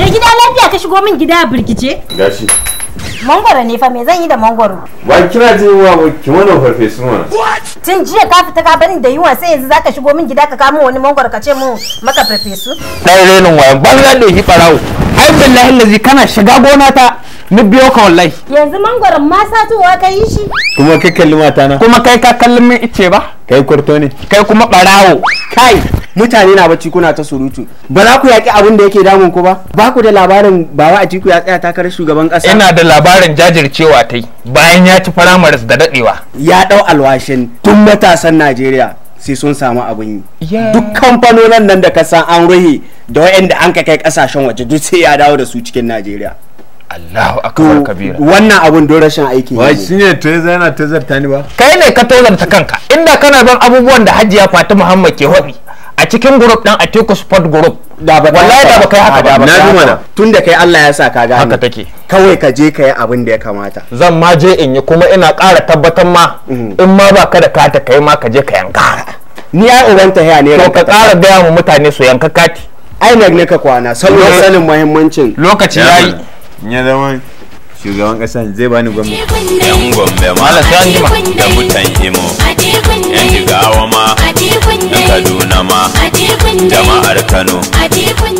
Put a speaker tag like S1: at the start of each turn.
S1: Me gida lafiya ka shigo min gida a birkice? Gashi. Mangoro ne fa me zan yi da mangoro? Ba kira je wa ki wannan farfesu mana. Tun jiya ka fita ka bani da yiwa sai yanzu zaka shigo min gida ka kamo wani mangoro ka ce mu maka farfesu? Dai renin wayan ban zan da shi farawo. Ai billahi lazi kana shiga gona ta ni biyo ka wallahi. Yanzu mangoro ma satowa ka yi shi. Kuma kai kalli mata na. Kuma kai ka kalli min ice ba? Kai kurto ne. Kai kuma barawo. Kai. mutane na bacci kuna ta surutu ba za ku yaƙi abin da yake damun ku ba ba ku da labarin bawa a tiku ya tsaya takarar shugaban ƙasa ina da labarin jajircewa ta bayan ya ci firamaris da dadewa ya dau alwashin tun matasan najeriya sai sun samu abin yi duk kamfanonin nan da ka san an ruhi da wa'anda an ka kai kasashen waje duk sai ya dawo da su cikin najeriya Allahu akbar kabira wannan abun don rashin aiki ne shine yanzu yana tezarta ni ba kai ne ka tozarta kanka inda kana ban abubuwan da Hajiya Fatima Muhammad ke hobi a cikin group din Atiku Sport Group da ba wallahi da ba kai haka ba na ji mana tunda kai Allah ya sa ka gane haka take kawai ka je ka yi abin da ya kamata zan ma je in yi kuma ina ƙara tabbatar ma mm. in ma ba ka da kata kai ma ka je ka yanka ni ya ta ya ne to ka ƙara gaya mu mutane su yanka kati ai ne ka kwana saboda sanin muhimmancin lokaci yayi ya zama shugaban kasa zai bani gwamnati yan gombe malam sai an jima da mutan imo jama'ar Kano.